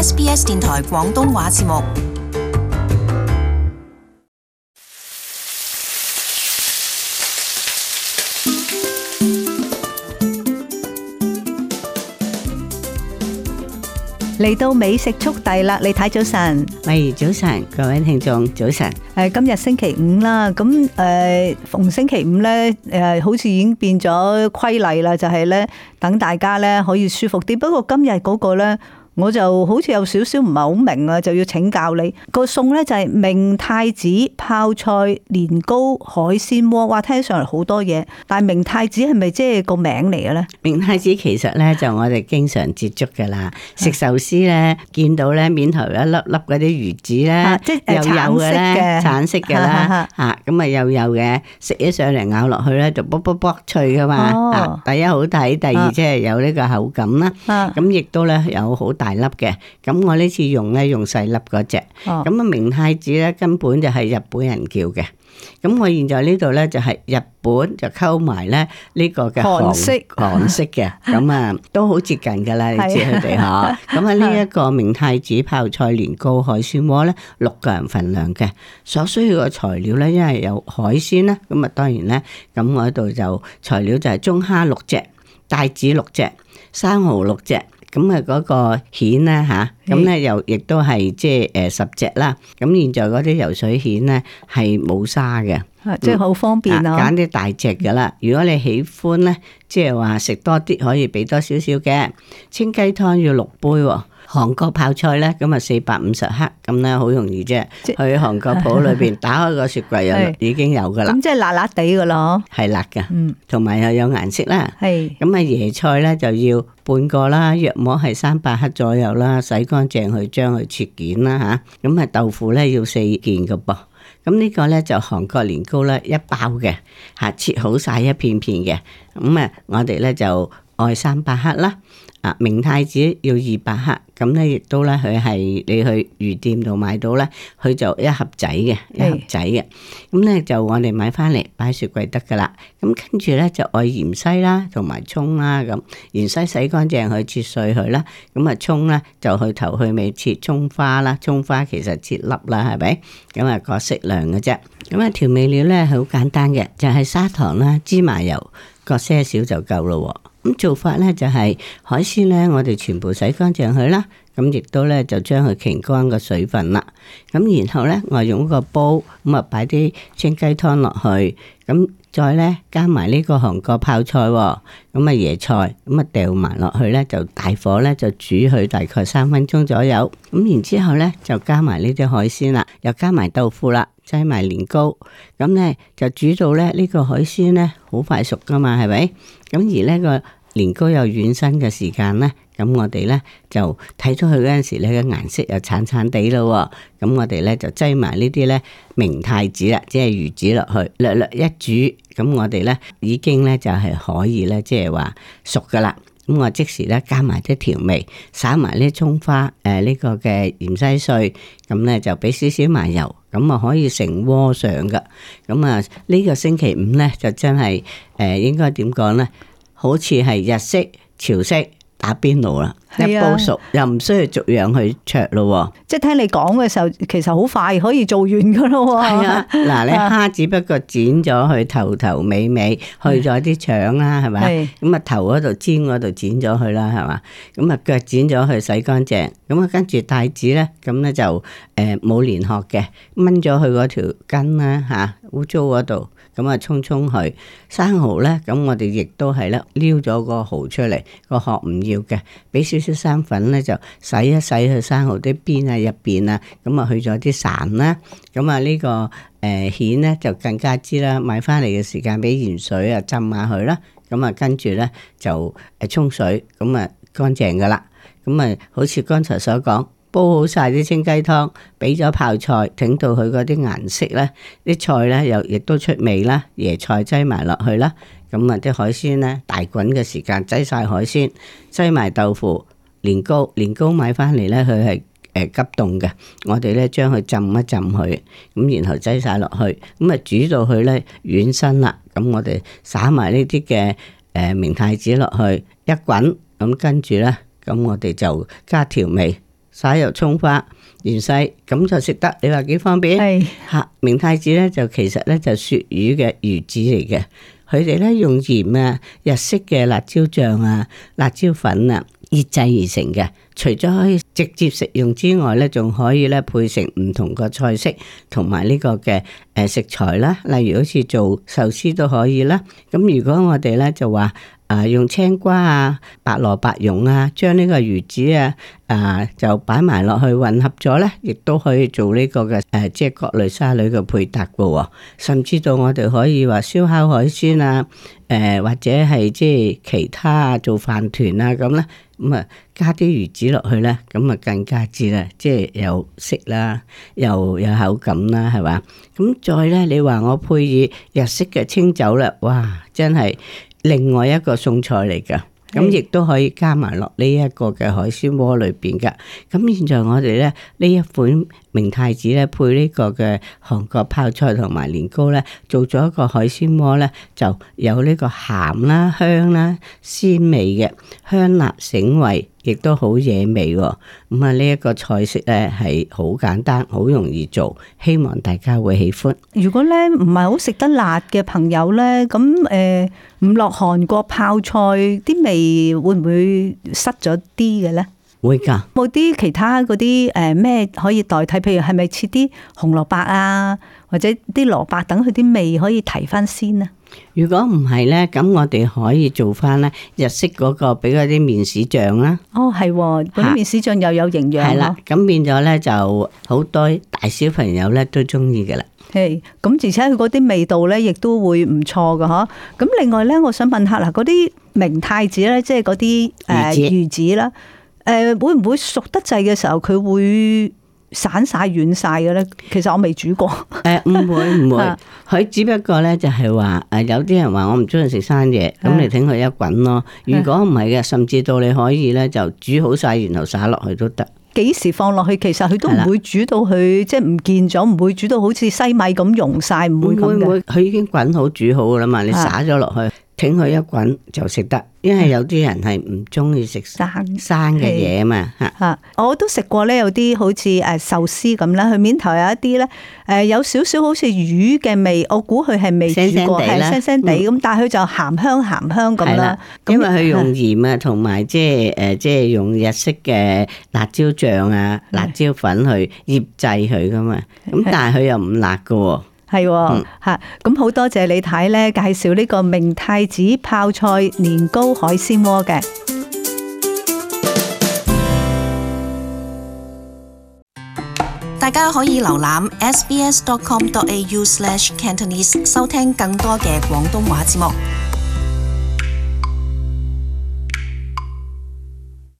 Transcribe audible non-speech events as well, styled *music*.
SBS 電台廣東話節目嚟到，美食速遞啦！你睇，早晨，喂，早晨，各位聽眾早晨。誒，今日星期五啦，咁誒，逢星期五咧，誒，好似已經變咗規例啦，就係咧等大家咧可以舒服啲。不過今日嗰個咧。我就好似有少少唔係好明啊，就要請教你個餸咧就係明太子泡菜年糕海鮮鍋，哇聽起上嚟好多嘢，但係明太子係咪即係個名嚟嘅咧？明太子其實咧就我哋經常接觸嘅啦，食壽司咧見到咧面頭一粒粒嗰啲魚子咧，又有嘅橙色嘅啦嚇，咁啊又有嘅，食起上嚟咬落去咧就卜卜卜脆㗎嘛，第一好睇，第二即係有呢個口感啦，咁亦都咧有好大。大粒嘅，咁我呢次用咧用細粒嗰隻，咁啊明太子咧根本就係日本人叫嘅。咁我現在呢度咧就係、是、日本就溝埋咧呢個嘅韓韓式韓 *laughs* 式嘅，咁啊都好接近噶啦， *laughs* 你知佢哋吓，咁啊呢一個明太子泡菜年糕海鮮鍋咧六個人份量嘅，所需要嘅材料咧因為有海鮮啦，咁啊當然咧，咁我度就材料就係中蝦六隻、帶子六隻、生蠔六隻。咁啊，嗰個蜆呢嚇，咁呢又亦都係即係十隻啦。咁現在嗰啲游水蜆呢，係冇沙嘅、啊，即係好方便咯、啊。揀啲、啊、大隻嘅啦。如果你喜歡呢，即係話食多啲可以俾多少少嘅清雞湯要六杯喎、啊。韓國泡菜呢，咁啊，四百五十克，咁呢好容易啫。去韓國鋪裏邊打開個雪櫃有，已經有噶啦。咁即係辣辣地噶咯。係辣噶，嗯，同埋又有顏色啦。係咁啊，椰菜呢就要半個啦，約摸係三百克左右啦，洗乾淨去將佢切件啦吓。咁啊，豆腐呢要四件噶噃。咁呢個呢，就韓國年糕呢一包嘅吓，切好晒一片片嘅。咁啊，我哋呢就。外三百克啦，啊明太子要二百克，咁咧亦都咧佢係你去魚店度買到咧，佢就一盒仔嘅一盒仔嘅。咁咧就我哋買翻嚟擺雪櫃得噶啦。咁跟住咧就愛芫茜啦，同埋葱啦。咁芫茜洗乾淨，去切碎佢啦。咁啊葱咧就去頭去尾切葱花啦。葱花其實切粒啦，係咪咁啊？各適量嘅啫。咁啊調味料咧好簡單嘅，就係砂糖啦、芝麻油各些少就夠咯。咁做法呢就係海鮮呢，我哋全部洗乾淨佢啦。咁亦都呢就將佢傾乾個水分啦。咁然後呢，我用個煲咁，啊，擺啲清雞湯落去。咁再呢加埋呢個韓國泡菜，咁啊椰菜，咁啊掉埋落去呢，就大火呢就煮佢大概三分鐘左右。咁然之後呢就加埋呢啲海鮮啦，又加埋豆腐啦。擠埋年糕，咁咧就煮到咧呢個海鮮咧好快熟噶嘛，係咪？咁而呢個年糕有軟身嘅時間咧，咁我哋咧就睇出去嗰陣時咧嘅顏色又橙橙地咯、哦，咁我哋咧就擠埋呢啲咧明太子啦，即係魚子落去，略略一煮，咁我哋咧已經咧就係、是、可以咧即係話熟噶啦，咁我即時咧加埋啲調味，撒埋啲蔥花，誒、呃、呢、這個嘅芫茜碎，咁咧就俾少少麻油。咁啊可以成窩上㗎，咁啊呢、這個星期五咧就真係，誒、呃、應該點講咧，好似係日式、潮式。.打邊爐啦，啊、一煲熟又唔需要逐樣去焯咯，即係聽你講嘅時候，其實好快可以做完噶咯。係 *laughs* 啊，嗱，啲蝦只不過剪咗佢頭頭尾尾，去咗啲腸啦，係咪？咁啊是頭嗰度尖嗰度剪咗佢啦，係嘛，咁啊腳剪咗佢洗乾淨，咁啊跟住帶子咧，咁咧就誒冇連殼嘅，掹咗佢嗰條筋啦吓。污糟嗰度，咁啊沖沖去生蠔咧，咁我哋亦都係咧撩咗個蠔出嚟，個殼唔要嘅，俾少少生粉咧就洗一洗佢生蠔啲邊啊入邊啊，咁啊就去咗啲潺啦，咁啊呢個誒蜆咧就更加之啦，買翻嚟嘅時間俾鹽水啊浸下佢啦，咁啊跟住咧就誒沖水，咁啊乾淨噶啦，咁啊好似剛才所講。煲好晒啲清雞湯，俾咗泡菜，整到佢嗰啲顏色呢，啲菜呢又亦都出味啦。椰菜擠埋落去啦，咁啊啲海鮮呢，大滾嘅時間擠晒海鮮，擠埋豆腐、年糕。年糕買翻嚟呢，佢係急凍嘅，我哋呢將佢浸一浸佢咁然後擠晒落去，咁、嗯、啊煮到佢呢軟身啦。咁、嗯、我哋撒埋呢啲嘅誒明太子落去一滾，咁、嗯、跟住呢。咁、嗯、我哋就加調味。撒油蔥花芫茜，咁就食得。你話幾方便？係是明太子咧，就其實咧就鱈魚嘅魚子嚟嘅。佢哋咧用鹽啊、日式嘅辣椒醬啊、辣椒粉啊醃製而成嘅。除咗可以直接食用之外咧，仲可以咧配成唔同個菜式，同埋呢個嘅。誒，食材啦，例如好似做壽司都可以啦。咁如果我哋咧就話，誒、啊，用青瓜啊、白蘿蔔蓉啊，將呢個魚子啊，誒、啊，就擺埋落去混合咗咧，亦都可以做呢個嘅誒，即係各類沙律嘅配搭噶、啊。甚至到我哋可以話燒烤海鮮啊，誒、啊，或者係即係其他啊，做飯糰啊咁啦，咁啊。嗯加啲魚子落去咧，咁啊更加之啦，即係有色啦，又有口感啦，係嘛？咁再咧，你話我配以日式嘅清酒啦，哇！真係另外一個餸菜嚟噶，咁亦都可以加埋落呢一個嘅海鮮鍋裏邊噶。咁現在我哋咧呢一款明太子咧配呢個嘅韓國泡菜同埋年糕咧，做咗一個海鮮鍋咧，就有呢個鹹啦、香啦、鮮味嘅香辣醒胃。亦都好惹味喎，咁啊呢一個菜式咧係好簡單，好容易做，希望大家會喜歡。如果咧唔係好食得辣嘅朋友咧，咁誒唔落韓國泡菜，啲味會唔會失咗啲嘅咧？會噶。冇啲其他嗰啲誒咩可以代替？譬如係咪切啲紅蘿蔔啊，或者啲蘿蔔等佢啲味可以提翻鮮啊？如果唔係咧，咁我哋可以做翻咧日式嗰個，俾嗰啲麵豉醬啦。哦，係喎，啲麵豉醬又有營養。係啦，咁變咗咧就好多大小朋友咧都中意嘅啦。係，咁而且佢嗰啲味道咧亦都會唔錯嘅嗬，咁另外咧，我想問下嗱，嗰啲明太子咧，即係嗰啲誒魚子啦。誒，會唔會熟得滯嘅時候佢會散晒軟晒嘅咧？其實我未煮過。誒，唔會唔會，佢只不過咧就係話誒，有啲人話我唔中意食生嘢，咁你等佢一滾咯。如果唔係嘅，甚至到你可以咧就煮好晒，然後撒落去都得。幾時放落去？其實佢都唔會煮到佢即係唔見咗，唔會煮到好似西米咁溶晒，唔會唔會。佢已經滾好煮好噶啦嘛，你撒咗落去。請佢一滾就食得，因為有啲人係唔中意食生生嘅嘢嘛。吓、啊，我都食過咧，有啲好似誒壽司咁啦，佢面頭有一啲咧，誒有少少好似魚嘅味，我估佢係未煮過，係腥腥地咁，腥腥嗯、但係佢就鹹香鹹香咁啦。的樣因為佢用鹽啊，同埋即係誒，即、就、係、是、用日式嘅辣椒醬啊、辣椒粉去醃製佢噶嘛。咁但係佢又唔辣噶。係喎，咁好多謝你睇，咧介紹呢個明太子泡菜年糕海鮮鍋嘅，大家可以瀏覽 SBS.com.au/cantonese 收聽更多嘅廣東話節目。